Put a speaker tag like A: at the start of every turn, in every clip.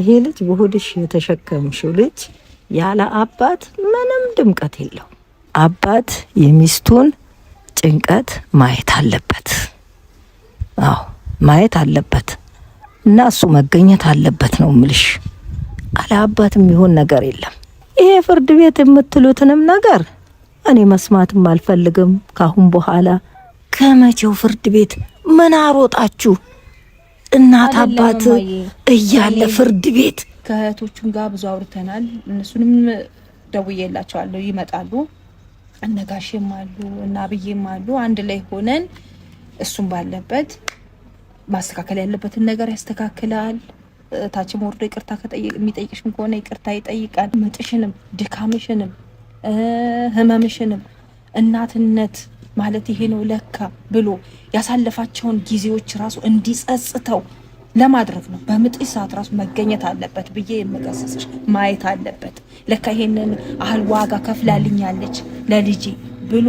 A: ይሄ ልጅ በሆድሽ የተሸከምሽው ልጅ ያለ አባት ምንም ድምቀት የለው። አባት የሚስቱን ጭንቀት ማየት አለበት። አዎ ማየት አለበት እና እሱ መገኘት አለበት ነው ምልሽ። አለ አባት የሚሆን ነገር የለም። ይሄ ፍርድ ቤት የምትሉትንም ነገር እኔ መስማትም አልፈልግም። ካሁን በኋላ ከመቼው ፍርድ ቤት ምን አሮጣችሁ? እናት አባት እያለ ፍርድ ቤት
B: ከእህቶቹም ጋር ብዙ አውርተናል። እነሱንም ደውዬላቸዋለሁ ይመጣሉ። እነጋሽም አሉ እና አብዬም አሉ። አንድ ላይ ሆነን እሱም ባለበት ማስተካከል ያለበትን ነገር ያስተካክላል። ታችም ወርዶ ይቅርታ የሚጠይቅሽም ከሆነ ይቅርታ ይጠይቃል። ምጥሽንም ድካምሽንም ህመምሽንም እናትነት ማለት ይሄ ነው ለካ ብሎ ያሳለፋቸውን ጊዜዎች ራሱ እንዲጸጽተው ለማድረግ ነው። በምጥ ሰዓት ራሱ መገኘት አለበት ብዬ የምገሰሰሽ ማየት አለበት። ለካ ይሄንን አህል ዋጋ ከፍላልኛለች ለልጄ ብሎ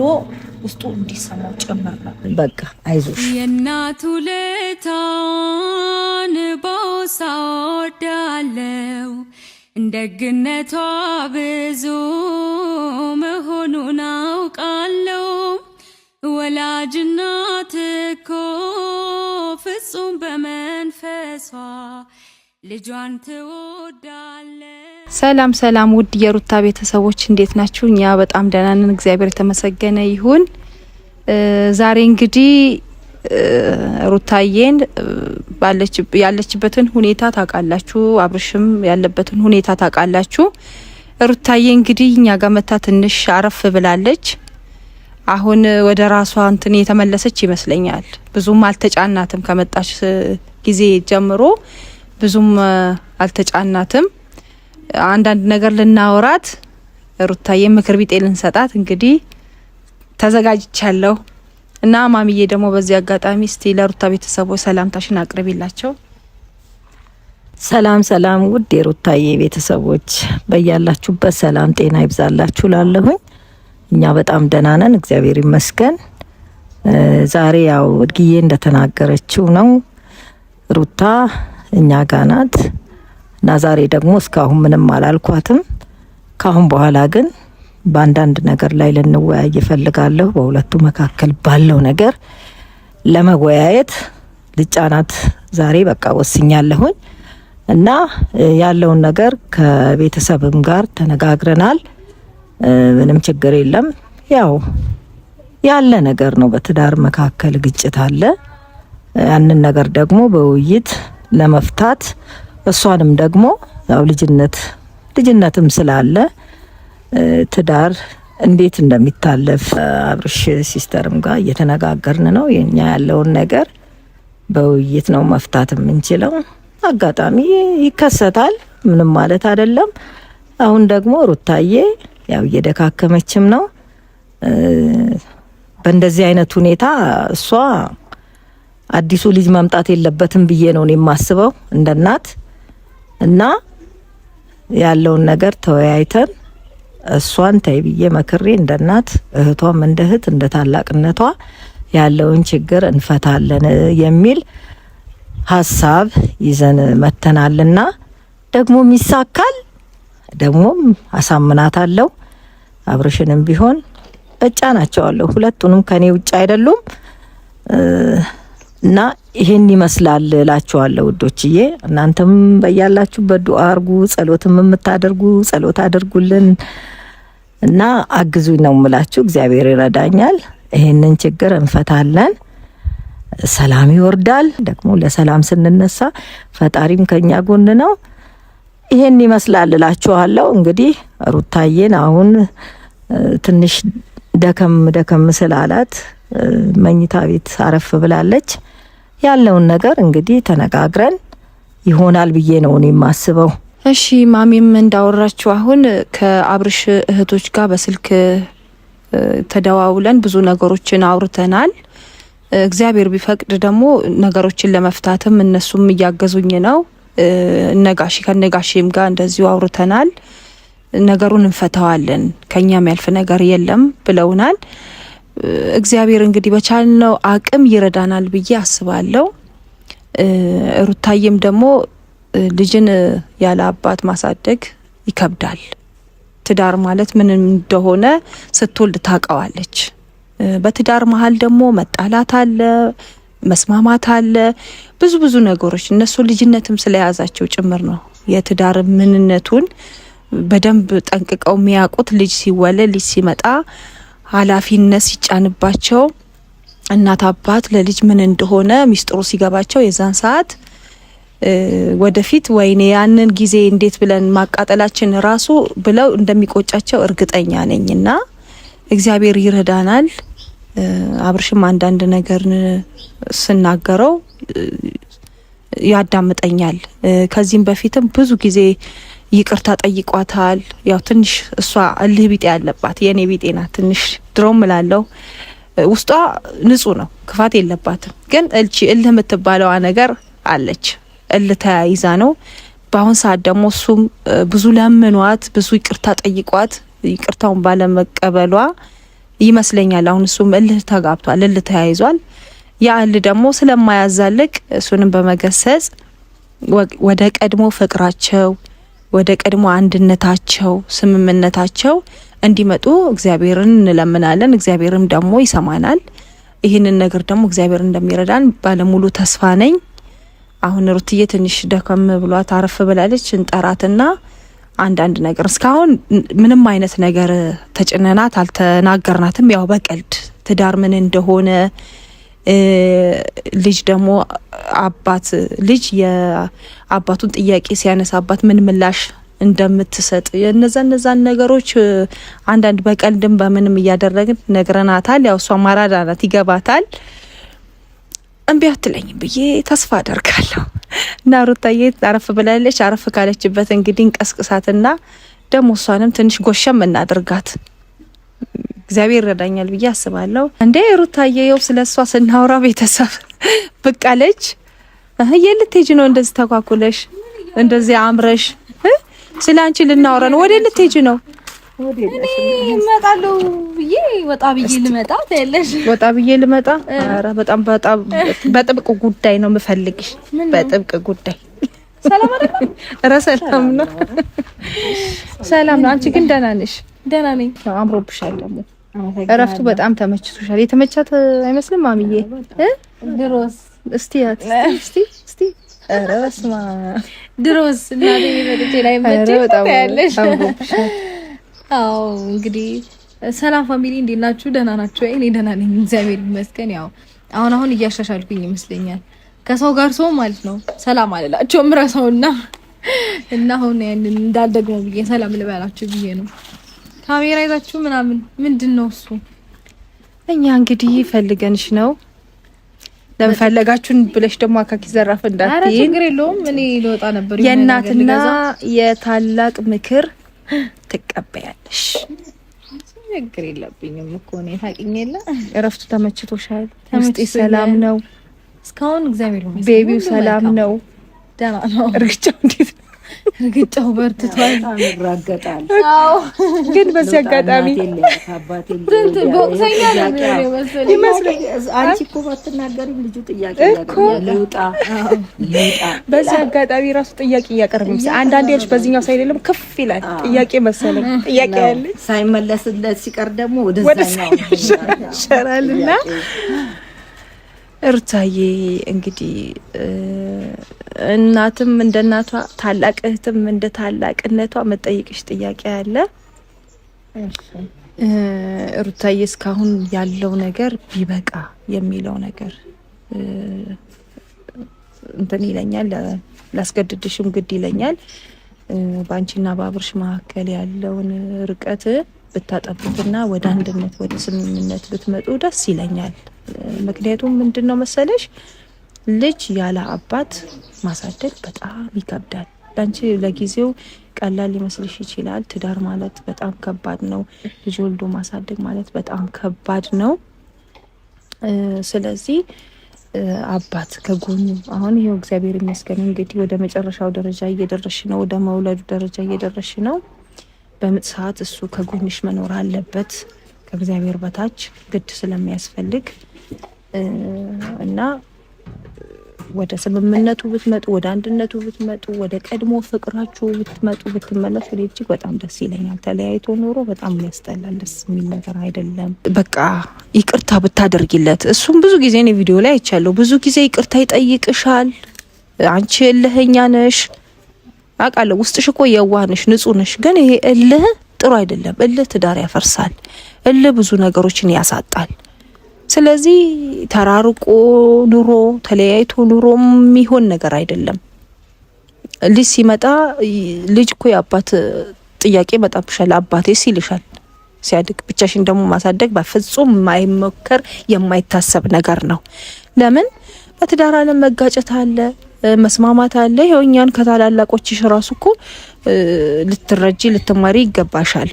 B: ውስጡ እንዲሰማው ጭምር ነው።
A: በቃ አይዞሽ
C: የእናቱ ልታን ቦሳ እንደግነቷ ብዙ መሆኑን አውቃለው ወላጅናት እኮ ፍጹም በመንፈሷ ልጇን ትወዳለች።
D: ሰላም ሰላም፣ ውድ የሩታ ቤተሰቦች እንዴት ናችሁ? እኛ በጣም ደህና ነን፣ እግዚአብሔር የተመሰገነ ይሁን። ዛሬ እንግዲህ ሩታዬን ያለችበትን ሁኔታ ታውቃላችሁ፣ አብርሽም ያለበትን ሁኔታ ታውቃላችሁ። ሩታዬ እንግዲህ እኛ ጋር መታ ትንሽ አረፍ ብላለች። አሁን ወደ ራሷ እንትን የተመለሰች ይመስለኛል። ብዙም አልተጫናትም። ከመጣች ጊዜ ጀምሮ ብዙም አልተጫናትም። አንዳንድ ነገር ልናወራት ሩታዬ ምክር ቢጤ ልንሰጣት እንግዲህ ተዘጋጅቻለሁ እና ማሚዬ ደግሞ በዚህ አጋጣሚ እስቲ ለሩታ ቤተሰቦች ሰላምታሽን አቅርቢላቸው።
A: ሰላም ሰላም፣ ውድ የሩታዬ ቤተሰቦች በያላችሁበት ሰላም ጤና ይብዛላችሁ ላለሁኝ እኛ በጣም ደህና ነን፣ እግዚአብሔር ይመስገን። ዛሬ ያው እድግዬ እንደተናገረችው ነው ሩታ እኛ ጋ ናት እና ዛሬ ደግሞ እስካሁን ምንም አላልኳትም። ካሁን በኋላ ግን በአንዳንድ ነገር ላይ ልንወያይ እፈልጋለሁ። በሁለቱ መካከል ባለው ነገር ለመወያየት ልጫናት ዛሬ በቃ ወስኛለሁኝ እና ያለውን ነገር ከቤተሰብም ጋር ተነጋግረናል። ምንም ችግር የለም። ያው ያለ ነገር ነው። በትዳር መካከል ግጭት አለ። ያንን ነገር ደግሞ በውይይት ለመፍታት እሷንም ደግሞ ያው ልጅነት ልጅነትም ስላለ ትዳር እንዴት እንደሚታለፍ አብርሽ ሲስተርም ጋር እየተነጋገርን ነው። የኛ ያለውን ነገር በውይይት ነው መፍታት የምንችለው። አጋጣሚ ይከሰታል፣ ምንም ማለት አይደለም። አሁን ደግሞ ሩታዬ ያው እየደካከመችም ነው። በእንደዚህ አይነት ሁኔታ እሷ አዲሱ ልጅ መምጣት የለበትም ብዬ ነው የማስበው እንደ እናት እና ያለውን ነገር ተወያይተን እሷን ተይ ብዬ መክሬ እንደ እናት እህቷም እንደ እህት እንደ ታላቅነቷ ያለውን ችግር እንፈታለን የሚል ሀሳብ ይዘን መተናልና ደግሞ ይሳካል። ደግሞም አሳምናታለሁ። አብርሽንም ቢሆን እጫናቸዋለሁ። ሁለቱንም ከኔ ውጭ አይደሉም እና ይሄን ይመስላል እላችኋለሁ ውዶችዬ። እናንተም በያላችሁበት ዱአ አርጉ፣ ጸሎትም የምታደርጉ ጸሎት አድርጉልን እና አግዙኝ ነው የምላችሁ። እግዚአብሔር ይረዳኛል። ይሄንን ችግር እንፈታለን። ሰላም ይወርዳል። ደግሞ ለሰላም ስንነሳ ፈጣሪም ከኛ ጎን ነው። ይሄን ይመስላል እላችኋለሁ። እንግዲህ ሩታዬን አሁን ትንሽ ደከም ደከም ስላላት መኝታ ቤት አረፍ ብላለች። ያለውን ነገር እንግዲህ ተነጋግረን ይሆናል ብዬ ነው እኔ የማስበው።
D: እሺ ማሚም እንዳወራችሁ አሁን ከአብርሽ እህቶች ጋር በስልክ ተደዋውለን ብዙ ነገሮችን አውርተናል። እግዚአብሔር ቢፈቅድ ደግሞ ነገሮችን ለመፍታትም እነሱም እያገዙኝ ነው። እነጋሼ ከነጋሽም ጋር እንደዚሁ አውርተናል። ነገሩን እንፈታዋለን፣ ከኛም ያልፍ ነገር የለም ብለውናል። እግዚአብሔር እንግዲህ በቻልነው አቅም ይረዳናል ብዬ አስባለሁ። ሩታዬም ደግሞ ልጅን ያለ አባት ማሳደግ ይከብዳል። ትዳር ማለት ምን እንደሆነ ስትወልድ ታውቀዋለች። በትዳር መሀል ደግሞ መጣላት አለ መስማማት አለ። ብዙ ብዙ ነገሮች እነሱ ልጅነትም ስለያዛቸው ጭምር ነው የትዳር ምንነቱን በደንብ ጠንቅቀው የሚያውቁት። ልጅ ሲወለድ ልጅ ሲመጣ ኃላፊነት ሲጫንባቸው እናት አባት ለልጅ ምን እንደሆነ ሚስጥሩ ሲገባቸው የዛን ሰዓት ወደፊት ወይኔ ያንን ጊዜ እንዴት ብለን ማቃጠላችን ራሱ ብለው እንደሚቆጫቸው እርግጠኛ ነኝና እግዚአብሔር ይረዳናል። አብርሽም አንዳንድ ነገር ስናገረው ያዳምጠኛል። ከዚህም በፊትም ብዙ ጊዜ ይቅርታ ጠይቋታል። ያው ትንሽ እሷ እልህ ቢጤ ያለባት የእኔ ቢጤ ናት። ትንሽ ድሮም እላለሁ ውስጧ ንጹህ ነው፣ ክፋት የለባትም። ግን እልቺ እልህ የምትባለዋ ነገር አለች። እልህ ተያይዛ ነው። በአሁን ሰዓት ደግሞ እሱም ብዙ ለምኗት፣ ብዙ ይቅርታ ጠይቋት ይቅርታውን ባለመቀበሏ ይመስለኛል። አሁን እሱም እልህ ተጋብቷል፣ እልህ ተያይዟል። ያ እልህ ደግሞ ስለማያዛልቅ እሱንም በመገሰጽ ወደ ቀድሞ ፍቅራቸው ወደ ቀድሞ አንድነታቸው፣ ስምምነታቸው እንዲመጡ እግዚአብሔርን እንለምናለን። እግዚአብሔርም ደግሞ ይሰማናል። ይህንን ነገር ደግሞ እግዚአብሔር እንደሚረዳን ባለሙሉ ተስፋ ነኝ። አሁን ሩትዬ ትንሽ ደከም ብሏት አረፍ ብላለች። እንጠራትና አንዳንድ ነገር እስካሁን ምንም አይነት ነገር ተጭነናት አልተናገርናትም። ያው በቀልድ ትዳር ምን እንደሆነ ልጅ ደግሞ አባት ልጅ የአባቱን ጥያቄ ሲያነሳ አባት ምን ምላሽ እንደምትሰጥ የነዛ እነዛን ነገሮች አንዳንድ በቀልድም በምንም እያደረግን ነግረናታል። ያው እሷ ማራዳ ይገባታል። እምቢ አትለኝም ብዬ ተስፋ አደርጋለሁ። እና ሩታዬ አረፍ ብላለች። አረፍ ካለችበት እንግዲህ እንቀስቅሳትና ደግሞ እሷንም ትንሽ ጎሸም እናደርጋት። እግዚአብሔር ይረዳኛል ብዬ አስባለሁ። እንዴ ሩታዬ የው ስለ እሷ ስናወራ ቤተሰብ ብቅ አለች። የት ልትሄጂ ነው እንደዚህ ተኳኩለሽ እንደዚህ አምረሽ? ስለ አንቺ ልናወራ ነው። ወደ ልትሄጂ ነው?
B: እኔ እመጣለሁ ብዬ
D: ወጣ ብዬ ልመጣ ኧረ በጣም በጥብቅ ጉዳይ ነው የምፈልግሽ፣ በጥብቅ ጉዳይ። ሰላም ኧረ ሰላም ነው፣ ሰላም ነው። አንቺ ግን ደህና ነሽ? ደህና ነኝ። አምሮብሻል ደግሞ እረፍቱ በጣም ተመችቶሻል። የተመቻት አይመስልም ማሚዬ? ድሮስ እስቲ እስቲ እስቲ
B: ኧረ ድሮስ እና ላይ ላይ መጥቼ ታያለሽ አዎ እንግዲህ ሰላም ፋሚሊ፣ እንዴት ናችሁ? ደህና ናችሁ ወይ? እኔ ደህና ነኝ እግዚአብሔር ይመስገን። ያው አሁን አሁን እያሻሻልኩኝ ይመስለኛል። ከሰው ጋር ሰው ማለት ነው ሰላም አልላቸውም እረሳውና እና አሁን ያንን እንዳልደግመው ብዬ ሰላም ልበላችሁ ብዬ ነው። ካሜራ ይዛችሁ ምናምን ምንድን ነው እሱ?
D: እኛ እንግዲህ ፈልገንሽ ነው ለምፈለጋችሁን ብለሽ ደግሞ አካኪ ዘራፍ እንዳትዪ። ኧረ
B: ችግር የለውም እኔ ልወጣ ነበር።
D: የእናትና የታላቅ ምክር ትቀበያለሽ።
B: ችግር የለብኝም እኮ እኔ ታውቂኝ የለ
D: እረፍቱ ተመችቶሻል? ውስጤ ሰላም ነው እስካሁን እግዚአብሔር ቤቢው ሰላም ነው፣ ደህና ነው። እርግጫው እንዴት ነው? ግጫው በርትቷል።
B: ይራገጣል
D: ግን በዚህ አጋጣሚ
B: በዚህ
D: አጋጣሚ ራሱ ጥያቄ እያቀርብም አንዳንዴ ልጅ በዚህኛው ሳይድ የለም ከፍ ይላል ጥያቄ መሰለኝ ጥያቄ ያለ
B: ሳይመለስለት ሲቀር ደግሞ
D: ወደ ሸራልና እርታዬ እንግዲህ እናትም እንደ እናቷ ታላቅ እህትም እንደ ታላቅነቷ መጠየቅሽ ጥያቄ አለ። እሩታዬ እስካሁን ያለው ነገር ቢበቃ የሚለው ነገር እንትን ይለኛል፣ ላስገድድሽም ግድ ይለኛል። በአንቺና በአብርሽ መካከል ያለውን ርቀት ብታጠብትና ወደ አንድነት ወደ ስምምነት ብትመጡ ደስ ይለኛል። ምክንያቱም ምንድን ነው መሰለሽ ልጅ ያለ አባት ማሳደግ በጣም ይከብዳል። ለአንቺ ለጊዜው ቀላል ሊመስልሽ ይችላል። ትዳር ማለት በጣም ከባድ ነው። ልጅ ወልዶ ማሳደግ ማለት በጣም ከባድ ነው። ስለዚህ አባት ከጎኑ አሁን ይኸው እግዚአብሔር ይመስገን እንግዲህ ወደ መጨረሻው ደረጃ እየደረሽ ነው። ወደ መውለዱ ደረጃ እየደረሽ ነው። በምጥ ሰዓት እሱ ከጎንሽ መኖር አለበት። ከእግዚአብሔር በታች ግድ ስለሚያስፈልግ እና ወደ ስምምነቱ ብትመጡ፣ ወደ አንድነቱ ብትመጡ፣ ወደ ቀድሞ ፍቅራችሁ ብትመጡ ብትመለሱ እኔ እጅግ በጣም ደስ ይለኛል። ተለያይቶ ኖሮ በጣም ያስጠላል። ደስ የሚል ነገር አይደለም።
A: በቃ ይቅርታ ብታደርጊለት፣ እሱም ብዙ ጊዜ እኔ ቪዲዮ ላይ አይቻለሁ፣ ብዙ ጊዜ ይቅርታ ይጠይቅሻል። አንቺ እልህኛ ነሽ አውቃለሁ፣ ውስጥሽ እኮ የዋህ ነሽ፣ ንጹህ ነሽ። ግን ይሄ እልህ ጥሩ አይደለም። እልህ ትዳር ያፈርሳል። እልህ ብዙ ነገሮችን ያሳጣል። ስለዚህ ተራርቆ ኑሮ ተለያይቶ ኑሮ የሚሆን ነገር አይደለም። ልጅ ሲመጣ ልጅ እኮ የአባት ጥያቄ ይመጣብሻል። አባቴስ ይልሻል ሲያድግ። ብቻሽን ደግሞ ማሳደግ በፍጹም የማይሞከር የማይታሰብ ነገር ነው። ለምን በትዳር አለም መጋጨት አለ፣ መስማማት አለ። ይኸው እኛን ከታላላቆችሽ ራሱ እኮ ልትረጂ ልትማሪ ይገባሻል።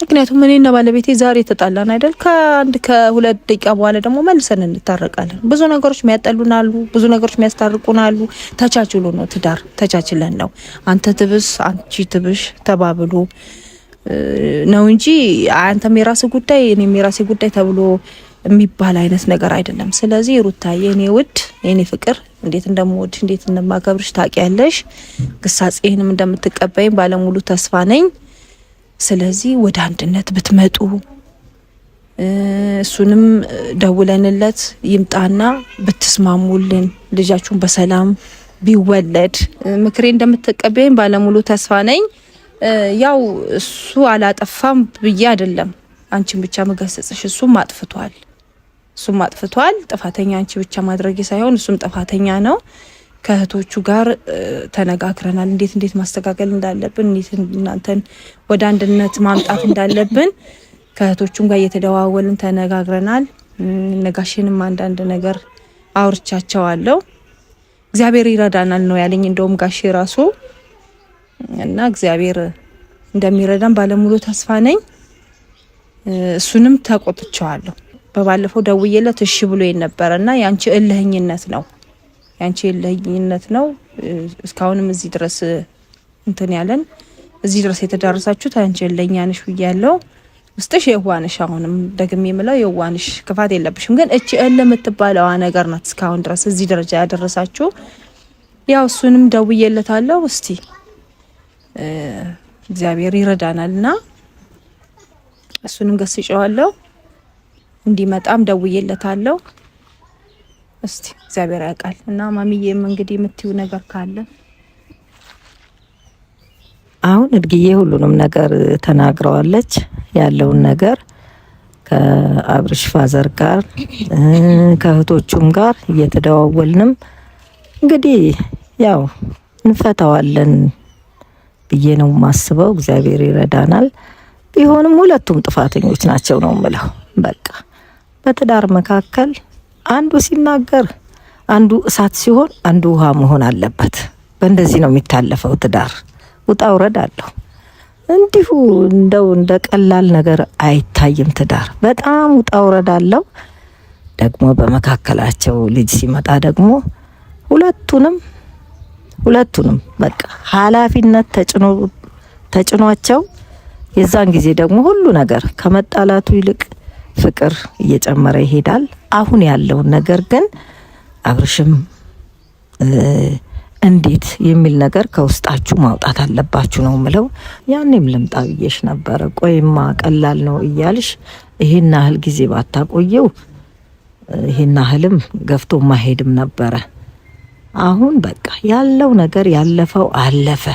A: ምክንያቱም እኔና ባለቤቴ ዛሬ ተጣላን አይደል? ከአንድ ከሁለት ደቂቃ በኋላ ደግሞ መልሰን እንታረቃለን። ብዙ ነገሮች የሚያጠሉን አሉ፣ ብዙ ነገሮች የሚያስታርቁን አሉ። ተቻችሎ ነው ትዳር፣ ተቻችለን ነው አንተ ትብስ አንቺ ትብሽ ተባብሎ ነው እንጂ አንተም የራስ ጉዳይ እኔም የራሴ ጉዳይ ተብሎ የሚባል አይነት ነገር አይደለም። ስለዚህ ሩታዬ፣ የኔ ውድ፣ የኔ ፍቅር እንዴት እንደምወድ እንዴት እንደማከብርሽ ታውቂያለሽ። ግሳጼህንም እንደምትቀበይኝ ባለሙሉ ተስፋ ነኝ። ስለዚህ ወደ አንድነት ብትመጡ እሱንም ደውለንለት ይምጣና ብትስማሙልን ልጃችሁን በሰላም ቢወለድ ምክሬ እንደምትቀበኝ ባለሙሉ ተስፋ ነኝ። ያው እሱ አላጠፋም ብዬ አይደለም አንቺን ብቻ መገሰጽሽ፣ እሱም አጥፍቷል፣ እሱም አጥፍቷል። ጥፋተኛ አንቺ ብቻ ማድረግ ሳይሆን እሱም ጥፋተኛ ነው። ከእህቶቹ ጋር ተነጋግረናል። እንዴት እንዴት ማስተካከል እንዳለብን፣ እንዴት እናንተን ወደ አንድነት ማምጣት እንዳለብን ከእህቶቹም ጋር እየተደዋወልን ተነጋግረናል። ነጋሽንም አንዳንድ ነገር አውርቻቸዋለሁ። እግዚአብሔር ይረዳናል ነው ያለኝ። እንደውም ጋሼ ራሱ እና እግዚአብሔር እንደሚረዳን ባለሙሉ ተስፋ ነኝ። እሱንም ተቆጥቸዋለሁ። በባለፈው ደውዬለት እሺ ብሎ ነበረ እና ያንቺ እልህኝነት ነው ያንቺ የለኝነት ነው እስካሁንም እዚህ ድረስ እንትን ያለን እዚህ ድረስ የተዳረሳችሁት አንቺ የለኛንሽ ብያለሁ። ውስጥሽ የዋንሽ አሁንም ደግሜ የምለው የዋንሽ ክፋት የለብሽም። ግን እቺ እል የምትባለዋ ነገር ናት እስካሁን ድረስ እዚህ ደረጃ ያደረሳችሁ። ያው እሱንም ደውዬለታለሁ። እስቲ እግዚአብሔር ይረዳናል እና እሱንም ገስጨዋለሁ እንዲመጣም ደውዬለታለሁ። እስቲ እግዚአብሔር ያውቃል። እና ማሚዬም እንግዲህ የምትዩ ነገር ካለ አሁን እድግዬ ሁሉንም ነገር ተናግረዋለች። ያለውን ነገር ከአብርሽ ፋዘር ጋር ከእህቶቹም ጋር እየተደዋወልንም እንግዲህ ያው እንፈታዋለን ብዬ ነው ማስበው እግዚአብሔር ይረዳናል። ቢሆንም ሁለቱም ጥፋተኞች ናቸው ነው ምለው። በቃ በትዳር መካከል አንዱ ሲናገር አንዱ እሳት ሲሆን አንዱ ውሃ መሆን አለበት። በእንደዚህ ነው የሚታለፈው ትዳር። ውጣ ውረድ አለሁ እንዲሁ እንደው እንደ ቀላል ነገር አይታይም ትዳር። በጣም ውጣ ውረድ አለው። ደግሞ በመካከላቸው ልጅ ሲመጣ ደግሞ ሁለቱንም ሁለቱንም በቃ ኃላፊነት ተጭኖ ተጭኗቸው የዛን ጊዜ ደግሞ ሁሉ ነገር ከመጣላቱ ይልቅ ፍቅር እየጨመረ ይሄዳል። አሁን ያለውን ነገር ግን አብርሽም እንዴት የሚል ነገር ከውስጣችሁ ማውጣት አለባችሁ ነው ምለው። ያኔም ልምጣ ብዬሽ ነበረ። ቆይማ ቀላል ነው እያልሽ ይሄን ያህል ጊዜ ባታቆየው ይሄን ያህልም ገፍቶ ማሄድም ነበረ። አሁን በቃ ያለው ነገር ያለፈው አለፈ።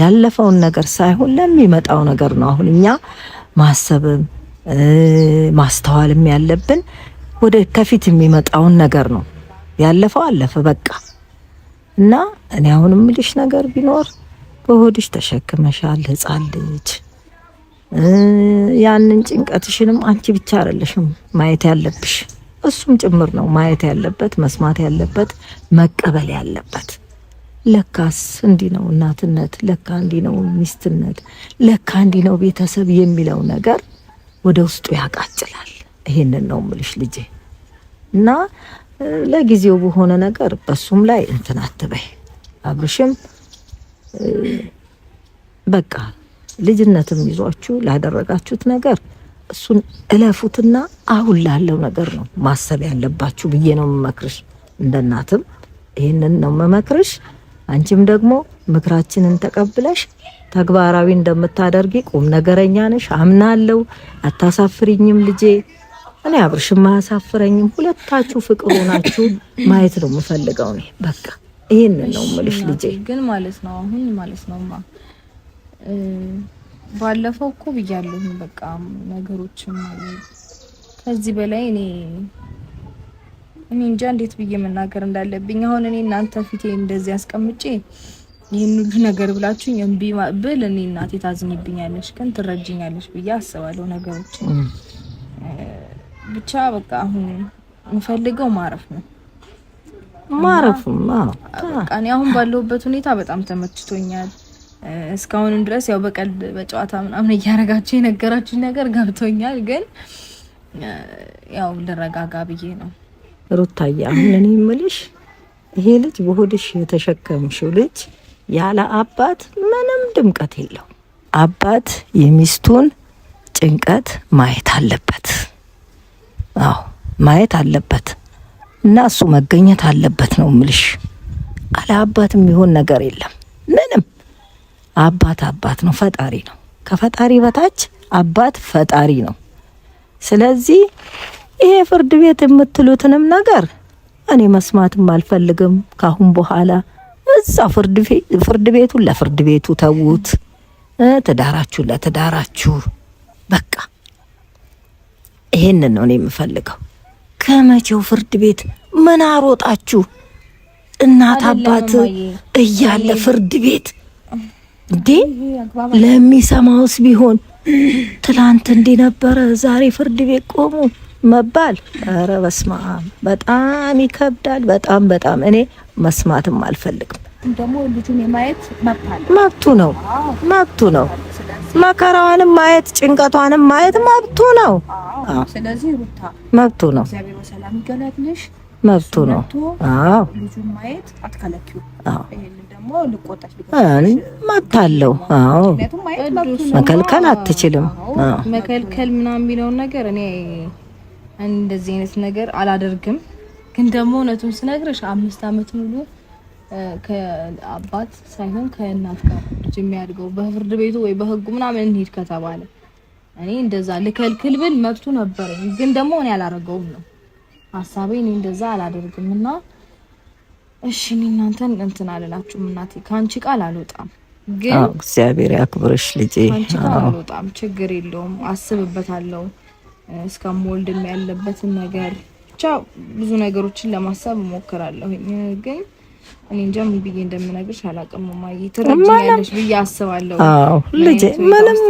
A: ያለፈውን ነገር ሳይሆን ለሚመጣው ነገር ነው አሁን እኛ ማሰብም ማስተዋልም ያለብን ወደ ከፊት የሚመጣውን ነገር ነው። ያለፈው አለፈ በቃ እና እኔ አሁን ምልሽ ነገር ቢኖር በሆድሽ ተሸክመሻል ህፃን ልጅ። ያንን ጭንቀትሽንም አንቺ ብቻ አይደለሽም ማየት ያለብሽ፣ እሱም ጭምር ነው ማየት ያለበት፣ መስማት ያለበት፣ መቀበል ያለበት። ለካስ እንዲህ ነው እናትነት፣ ለካ እንዲህ ነው ሚስትነት፣ ለካ እንዲህ ነው ቤተሰብ የሚለው ነገር ወደ ውስጡ ያቃጭላል። ይሄንን ነው ምልሽ ልጄ። እና ለጊዜው በሆነ ነገር በሱም ላይ እንትን አትበይ። አብርሽም በቃ ልጅነትም ይዟችሁ ላደረጋችሁት ነገር እሱን እለፉትና አሁን ላለው ነገር ነው ማሰብ ያለባችሁ ብዬ ነው የምመክርሽ። እንደ እናትም ይህንን ነው የምመክርሽ። አንቺም ደግሞ ምክራችንን ተቀብለሽ ተግባራዊ እንደምታደርጊ ቁም ነገረኛ ነሽ፣ አምናለሁ። አታሳፍሪኝም ልጄ። እኔ አብርሽም አያሳፍረኝም። ሁለታችሁ ፍቅሩ ናችሁ ማየት ነው የምፈልገው። እኔ በቃ ይሄንን ነው የምልሽ ልጄ።
B: ግን ማለት ነው አሁን ማለት ነው ማ ባለፈው እኮ ብያለሁ። በቃ ነገሮችን ከዚህ በላይ እኔ እኔ እንጃ እንዴት ብዬ መናገር እንዳለብኝ። አሁን እኔ እናንተ ፊቴ እንደዚህ አስቀምጬ ይህን ሁሉ ነገር ብላችሁኝ እምቢ ብል እኔ እናቴ ታዝኝብኛለች፣ ግን ትረጅኛለች ብዬ አስባለሁ። ነገሮች ብቻ በቃ አሁን የምፈልገው ማረፍ ነው ማረፍ እኔ አሁን ባለሁበት ሁኔታ በጣም ተመችቶኛል። እስካሁንም ድረስ ያው በቀልድ በጨዋታ ምናምን እያረጋችሁ የነገራችሁኝ ነገር ገብቶኛል፣ ግን ያው ልረጋጋ ብዬ ነው
A: ሩታዬ አሁን እኔ የምልሽ ይሄ ልጅ በሆድሽ የተሸከምሽው ልጅ ያለ አባት ምንም ድምቀት የለው። አባት የሚስቱን ጭንቀት ማየት አለበት። አዎ ማየት አለበት እና እሱ መገኘት አለበት ነው ምልሽ። አለ አባት የሚሆን ነገር የለም ምንም። አባት አባት ነው፣ ፈጣሪ ነው። ከፈጣሪ በታች አባት ፈጣሪ ነው። ስለዚህ ይሄ ፍርድ ቤት የምትሉትንም ነገር እኔ መስማትም አልፈልግም ካሁን በኋላ። እዛ ፍርድ ቤቱን ለፍርድ ቤቱ ተዉት፣ ትዳራችሁ ለትዳራችሁ በቃ። ይሄንን ነው እኔ የምፈልገው። ከመቼው ፍርድ ቤት ምን አሮጣችሁ? እናት አባት እያለ ፍርድ ቤት እንዴ! ለሚሰማውስ ቢሆን ትላንት እንዲህ ነበረ፣ ዛሬ ፍርድ ቤት ቆሙ። መባል ኧረ በስመ አብ በጣም ይከብዳል። በጣም በጣም እኔ መስማትም አልፈልግም።
B: ደግሞ ልጁን የማየት
A: መብቱ ነው መብቱ ነው። መከራዋንም ማየት ጭንቀቷንም ማየት መብቱ ነው።
B: ስለዚህ ሩታ መብቱ ነው። እግዚአብሔር በሰላም ይገላግልሽ።
A: መብቱ ነው። አዎ
B: ልጁን ማየት አትከለኪው።
A: አዎ መብታለው። አዎ መከልከል አትችልም።
B: መከልከል ምናምን የሚለውን ነገር እኔ እንደዚህ አይነት ነገር አላደርግም። ግን ደግሞ እውነቱን ስነግርሽ አምስት አመት ሙሉ ከአባት ሳይሆን ከእናት ጋር ልጅ የሚያድገው በፍርድ ቤቱ ወይ በህጉ ምናምን እንሂድ ከተባለ እኔ እንደዛ ልከልክል ብል መብቱ ነበረኝ። ግን ደግሞ እኔ አላደርገውም ነው ሀሳቤ። እኔ እንደዛ አላደርግም እና እሺ እኔ እናንተን እንትን አልላችሁም። እናቴ ከአንቺ ቃል አልወጣም፣
A: ግን እግዚአብሔር ያክብርሽ ልጄ። ከአንቺ
B: ቃል አልወጣም፣ ችግር የለውም አስብበታለሁ። እስከምወልድም ያለበትን ነገር ብቻ ብዙ ነገሮችን ለማሰብ እሞክራለሁ። ግን እኔ እንጃ ምን ብዬ እንደምነግርሽ አላውቅም። ማየ ትረጅኛለሽ ብዬ አስባለሁ።
A: አዎ ልጄ፣ ምንም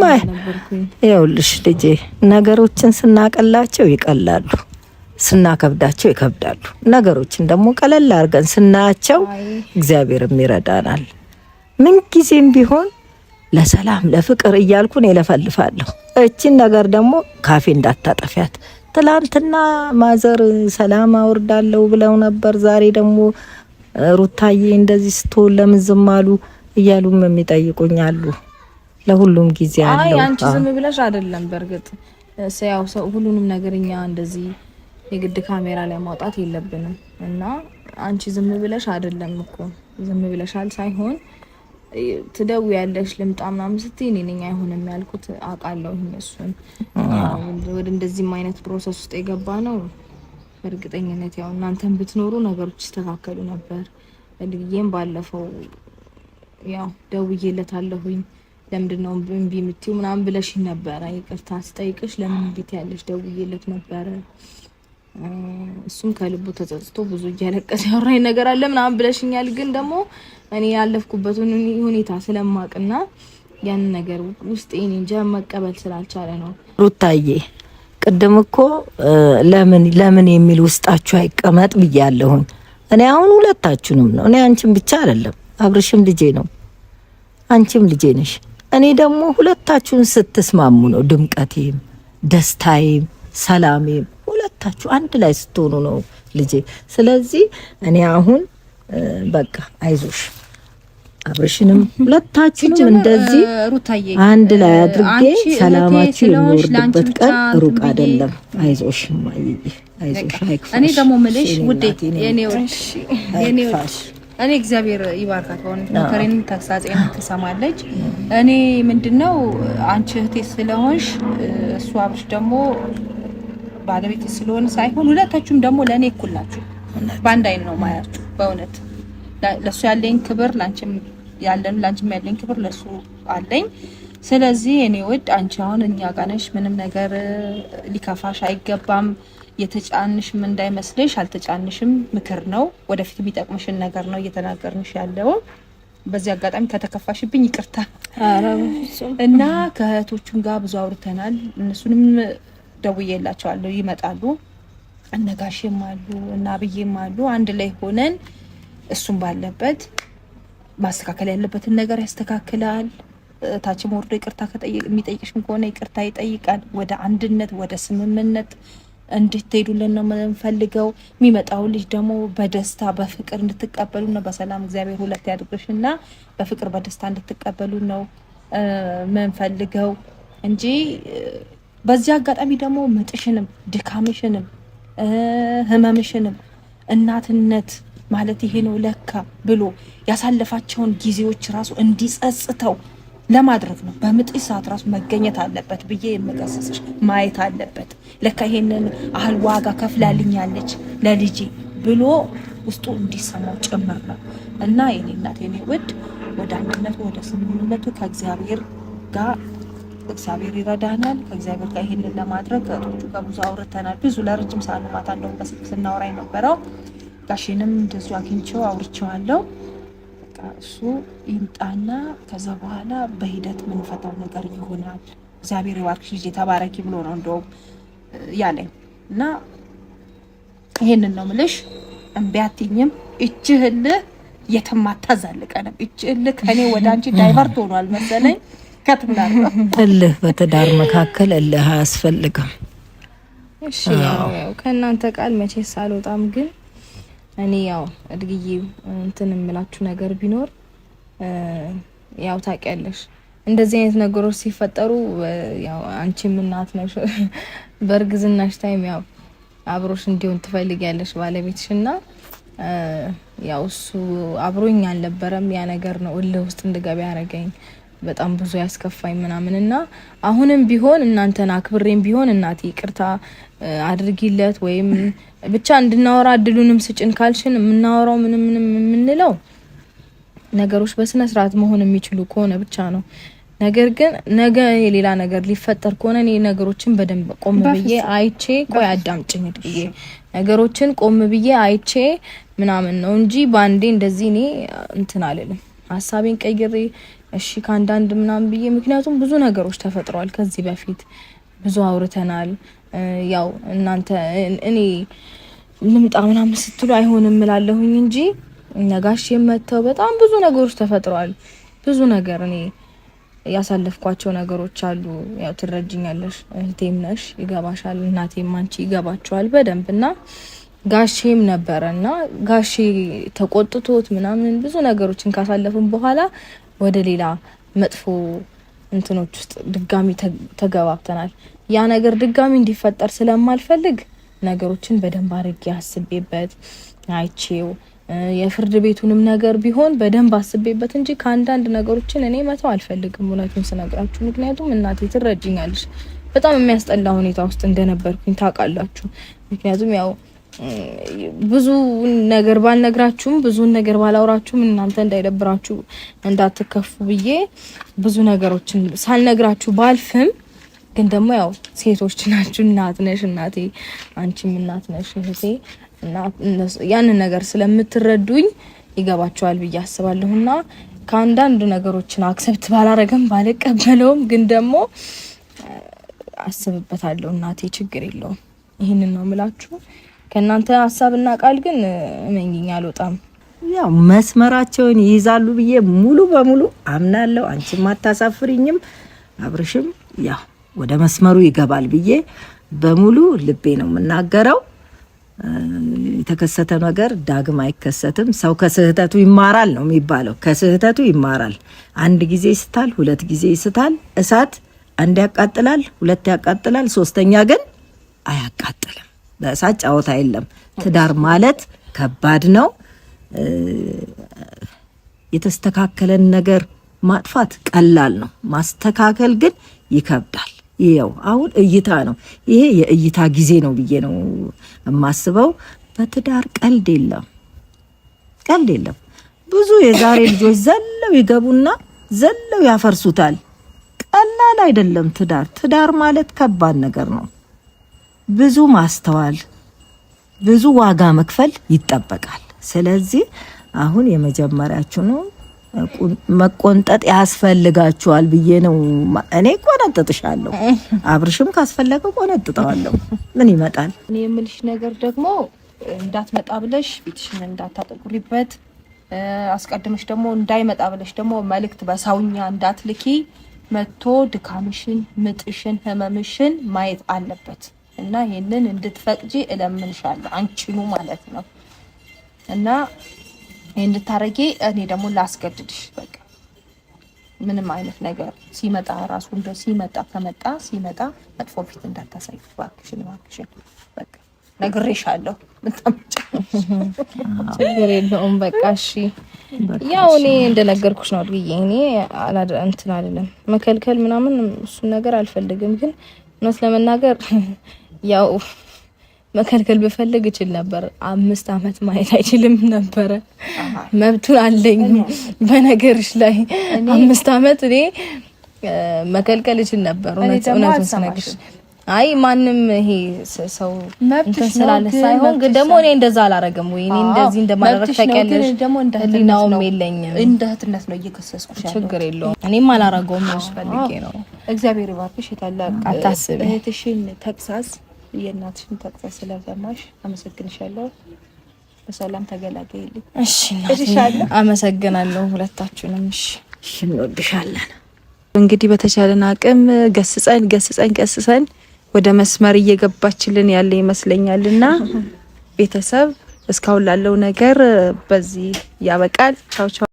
A: ይኸውልሽ ልጄ፣ ነገሮችን ስናቀላቸው ይቀላሉ፣ ስናከብዳቸው ይከብዳሉ። ነገሮችን ደግሞ ቀለል አድርገን ስናያቸው እግዚአብሔርም ይረዳናል። ምን ጊዜም ቢሆን ለሰላም ለፍቅር እያልኩ እኔ ለፈልፋለሁ። እችን ነገር ደግሞ ካፌ እንዳታጠፊያት። ትላንትና ማዘር ሰላም አውርዳለሁ ብለው ነበር። ዛሬ ደግሞ ሩታዬ እንደዚህ ስትሆን ለምን ዝም አሉ እያሉም የሚጠይቁኝ አሉ። ለሁሉም ጊዜ
B: አለው። አንቺ ዝም ብለሽ አይደለም። በእርግጥ ሰው ሰው ሁሉንም ነገር እኛ እንደዚህ የግድ ካሜራ ላይ ማውጣት የለብንም እና አንቺ ዝም ብለሽ አይደለም እኮ ዝም ብለሻል ሳይሆን ትደው ያለሽ ልምጣ ምናምን ስትይ እኔ ነኝ አይሆንም ያልኩት። አውቃለሁ እሱን ወደ እንደዚህም አይነት ፕሮሰስ ውስጥ የገባ ነው። በእርግጠኝነት ያው እናንተን ብትኖሩ ነገሮች ይስተካከሉ ነበር። ልዬም ባለፈው ያው ደውዬለታለሁኝ። ለምንድን ነው እምቢ የምትይው ምናምን ብለሽኝ ነበረ። ይቅርታ ስጠይቅሽ ለምን እምቢ ያለሽ ደውዬለት ነበረ እሱም ከልቡ ተጸጽቶ ብዙ እያለቀሰ ያወራኝ ነገር አለ ምናምን ብለሽኛል። ግን ደግሞ እኔ ያለፍኩበትን ሁኔታ ስለማቅና ያን ነገር ውስጥ እንጃ መቀበል ስላልቻለ ነው።
A: ሩታዬ ቅድም እኮ ለምን ለምን የሚል ውስጣችሁ አይቀመጥ ብያለሁኝ። እኔ አሁን ሁለታችሁንም ነው። እኔ አንቺም ብቻ አይደለም፣ አብርሽም ልጄ ነው፣ አንቺም ልጄ ነሽ። እኔ ደግሞ ሁለታችሁን ስትስማሙ ነው ድምቀቴም፣ ደስታዬም፣ ሰላሜም ሁለታችሁ አንድ ላይ ስትሆኑ ነው ልጄ። ስለዚህ እኔ አሁን በቃ አይዞሽ አብርሽንም ሁለታችሁንም እንደዚህ አንድ ላይ አድርጌ ሰላማችሁ የሚወርድበት ቀን ሩቅ አይደለም። አይዞሽ ማይይ፣ አይዞሽ አይክፋሽ።
B: እኔ ደግሞ ምልሽ ውዴት እኔ እግዚአብሔር ይባርካት። ሆን መከሬንም ተግሳጼን ትሰማለች። እኔ ምንድነው አንቺ እህቴ ስለሆንሽ እሱ አብርሽ ደግሞ ባለቤት ስለሆነ ሳይሆን ሁለታችሁም ደግሞ ለእኔ እኩል ናችሁ። በአንድ አይን ነው ማያችሁ። በእውነት ለእሱ ያለኝ ክብር ለአንቺም ያለን ለአንቺም ያለኝ ክብር ለእሱ አለኝ። ስለዚህ እኔ ውድ አንቺ አሁን እኛ ጋር ነሽ። ምንም ነገር ሊከፋሽ አይገባም። የተጫንሽም እንዳይመስልሽ አልተጫንሽም። ምክር ነው፣ ወደፊት የሚጠቅምሽን ነገር ነው እየተናገርንሽ ያለው። በዚህ አጋጣሚ ከተከፋሽብኝ ይቅርታ እና ከእህቶቹም ጋር ብዙ አውርተናል። እነሱንም ደውዬላቸዋለሁ። ይመጣሉ። እነጋሽም አሉ እና ብዬም አሉ። አንድ ላይ ሆነን እሱም ባለበት ማስተካከል ያለበትን ነገር ያስተካክላል። ታችም ወርዶ ይቅርታ የሚጠይቅሽም ከሆነ ይቅርታ ይጠይቃል። ወደ አንድነት ወደ ስምምነት እንድትሄዱልን ነው የምንፈልገው። የሚመጣው ልጅ ደግሞ በደስታ በፍቅር እንድትቀበሉ ነው። በሰላም እግዚአብሔር ሁለት ያድርግሽ እና በፍቅር በደስታ እንድትቀበሉ ነው የምንፈልገው እንጂ በዚህ አጋጣሚ ደግሞ ምጥሽንም ድካምሽንም ህመምሽንም እናትነት ማለት ይሄ ነው ለካ ብሎ ያሳለፋቸውን ጊዜዎች ራሱ እንዲጸጽተው ለማድረግ ነው። በምጥሽ ሰዓት ራሱ መገኘት አለበት ብዬ የምገሰስሽ ማየት አለበት። ለካ ይሄንን አህል ዋጋ ከፍላልኛለች ለልጄ ብሎ ውስጡ እንዲሰማው ጭምር ነው እና የኔ እናት የኔ ውድ ወደ አንድነቱ ወደ ስምምነቱ ከእግዚአብሔር ጋር እግዚአብሔር ይረዳናል። ከእግዚአብሔር ጋር ይሄንን ለማድረግ እህቶቹ ጋር ብዙ አውርተናል። ብዙ ለረጅም ሰዓት ማታ እንደውም በስልክ ስናወራ የነበረው ጋሽንም እንደዚሁ አግኝቼው አውርቼዋለሁ። እሱ ይምጣና ከዛ በኋላ በሂደት ምንፈታው ነገር ይሆናል። እግዚአብሔር ይባርክሽ ልጄ ተባረኪ ብሎ ነው እንደውም ያለኝ እና ይሄንን ነው ምልሽ። እምቢ አትይኝም። እችህልህ የትም አታዛልቀንም። እችህልህ ከኔ ወደ አንቺ ዳይቨርት ሆኗል መሰለኝ።
A: እልህ በትዳር መካከል እልህ አያስፈልግም።
B: እሺ ከእናንተ ቃል መቼስ አልወጣም፣ ግን እኔ ያው እድግዬ እንትን የምላችሁ ነገር ቢኖር ያው ታውቂያለሽ እንደዚህ አይነት ነገሮች ሲፈጠሩ ያው አንቺም እናት ነሽ፣ በእርግዝናሽ ታይም ያው አብሮሽ እንዲሆን ትፈልጊያለሽ ባለቤትሽ እና ያው እሱ አብሮኝ አልነበረም። ያ ነገር ነው እልህ ውስጥ እንድገባ ያደረገኝ። በጣም ብዙ ያስከፋኝ ምናምን እና አሁንም ቢሆን እናንተን አክብሬም ቢሆን እናቴ ይቅርታ አድርጊለት ወይም ብቻ እንድናወራ እድሉንም ስጭን ካልሽን የምናወራው ምንም ምንም የምንለው ነገሮች በስነ ስርዓት መሆን የሚችሉ ከሆነ ብቻ ነው። ነገር ግን ነገ የሌላ ነገር ሊፈጠር ከሆነ እኔ ነገሮችን በደንብ ቆም ብዬ አይቼ ቆይ አዳምጭኝ ብዬ ነገሮችን ቆም ብዬ አይቼ ምናምን ነው እንጂ በአንዴ እንደዚህ እኔ እንትን አልልም። ሀሳቤን ቀይሬ እሺ ከአንዳንድ ምናምን ብዬ ምክንያቱም ብዙ ነገሮች ተፈጥረዋል። ከዚህ በፊት ብዙ አውርተናል። ያው እናንተ እኔ ልምጣ ምናምን ስትሉ አይሆንም እላለሁኝ እንጂ ነጋሽ የመተው በጣም ብዙ ነገሮች ተፈጥረዋል። ብዙ ነገር እኔ ያሳለፍኳቸው ነገሮች አሉ። ያው ትረጅኛለሽ፣ እህቴም ነሽ፣ ይገባሻል። እናቴም አንቺ ይገባቸዋል በደንብ እና ጋሼም ነበረ እና ጋሼ ተቆጥቶት ምናምን ብዙ ነገሮችን ካሳለፍን በኋላ ወደ ሌላ መጥፎ እንትኖች ውስጥ ድጋሚ ተገባብተናል። ያ ነገር ድጋሚ እንዲፈጠር ስለማልፈልግ ነገሮችን በደንብ አድርጌ አስቤበት አይቼው የፍርድ ቤቱንም ነገር ቢሆን በደንብ አስቤበት እንጂ ከአንዳንድ ነገሮችን እኔ መተው አልፈልግም፣ እውነቱን ስነግራችሁ። ምክንያቱም እናቴ ትረጅኛለች። በጣም የሚያስጠላ ሁኔታ ውስጥ እንደነበርኩኝ ታውቃላችሁ። ምክንያቱም ያው ብዙ ነገር ባልነግራችሁም ብዙ ነገር ባላውራችሁም እናንተ እንዳይደብራችሁ እንዳትከፉ ብዬ ብዙ ነገሮችን ሳልነግራችሁ ባልፍም ግን ደግሞ ያው ሴቶች ናችሁ። እናት ነሽ እናቴ፣ አንቺም እናት ነሽ እህቴ። ያንን ነገር ስለምትረዱኝ ይገባችኋል ብዬ አስባለሁና ከአንዳንድ ነገሮችን አክሰብት ባላረገም ባልቀበለውም ግን ደግሞ አስብበታለሁ እናቴ፣ ችግር የለውም። ይህንን ነው ምላችሁ። ከእናንተ ሀሳብና ቃል ግን እመኝኝ አልወጣም።
A: ያው መስመራቸውን ይይዛሉ ብዬ ሙሉ በሙሉ አምናለሁ። አንቺም አታሳፍሪኝም፣ አብርሽም ያው ወደ መስመሩ ይገባል ብዬ በሙሉ ልቤ ነው የምናገረው። የተከሰተ ነገር ዳግም አይከሰትም። ሰው ከስህተቱ ይማራል ነው የሚባለው። ከስህተቱ ይማራል። አንድ ጊዜ ይስታል፣ ሁለት ጊዜ ይስታል። እሳት አንድ ያቃጥላል፣ ሁለት ያቃጥላል፣ ሶስተኛ ግን አያቃጥልም። በእሳት ጫወታ የለም። ትዳር ማለት ከባድ ነው። የተስተካከለን ነገር ማጥፋት ቀላል ነው፣ ማስተካከል ግን ይከብዳል። ይኸው አሁን እይታ ነው። ይሄ የእይታ ጊዜ ነው ብዬ ነው የማስበው። በትዳር ቀልድ የለም፣ ቀልድ የለም። ብዙ የዛሬ ልጆች ዘለው ይገቡና ዘለው ያፈርሱታል። ቀላል አይደለም ትዳር። ትዳር ማለት ከባድ ነገር ነው። ብዙ ማስተዋል፣ ብዙ ዋጋ መክፈል ይጠበቃል። ስለዚህ አሁን የመጀመሪያችሁ ነው። መቆንጠጥ ያስፈልጋችኋል ብዬ ነው። እኔ ቆነጥጥሻለሁ፣ አብርሽም ካስፈለገ ቆነጥጠዋለሁ። ምን ይመጣል?
B: እኔ የምልሽ ነገር ደግሞ እንዳትመጣ ብለሽ ቤትሽን እንዳታጠቁሪበት፣ አስቀድመሽ ደግሞ እንዳይመጣ ብለሽ ደግሞ መልእክት በሳውኛ እንዳትልኪ። መጥቶ ድካምሽን፣ ምጥሽን፣ ህመምሽን ማየት አለበት። እና ይህንን እንድትፈቅጂ እለምንሻለሁ አንቺኑ ማለት ነው። እና ይህ እንድታረጊ እኔ ደግሞ ላስገድድሽ በቃ ምንም አይነት ነገር ሲመጣ ራሱ እንደ ሲመጣ ከመጣ ሲመጣ መጥፎ ፊት እንዳታሳይ እባክሽን፣ እባክሽን በቃ ነግሬሻለሁ። ችግር የለውም በቃ እሺ። ያው እኔ እንደነገርኩሽ ነው አድርጌ እኔ እንትን አይደለም መከልከል ምናምን እሱን ነገር አልፈልግም፣ ግን እውነት ለመናገር ያው መከልከል ብፈልግ እችል ነበር። አምስት አመት ማየት አይችልም ነበረ። መብቱን አለኝ በነገርሽ ላይ አምስት አመት እኔ መከልከል እችል ነበር። እውነት እውነት ስነግርሽ አይ ማንም ይሄ ሰው እንትን ስላለ ሳይሆን ግን ደግሞ እኔ እንደዛ አላረግም ወይ እኔ እንደዚህ እንደማደረግ ታውቂያለሽ። ህሊናውም የለኝም እንደ እህትነት ነው እየከሰስኩሽ። ችግር የለውም እኔም አላረገውም ፈልጌ ነው። እግዚአብሔር ይባርክሽ። የታላቅ እህትሽን ተግሳጽ የእናትሽን ተቅጽ ስለሰማሽ አመሰግንሻለሁ። በሰላም ተገላገይልኝ። እሺ አመሰግናለሁ። ሁለታችሁንም እሺ፣ እንወድሻለን። እንግዲህ በተቻለን አቅም ገስጸን ገስጸን ገስጸን ወደ መስመር እየገባችልን ያለ ይመስለኛል እና ቤተሰብ እስካሁን ላለው ነገር በዚህ ያበቃል። ቻው ቻው።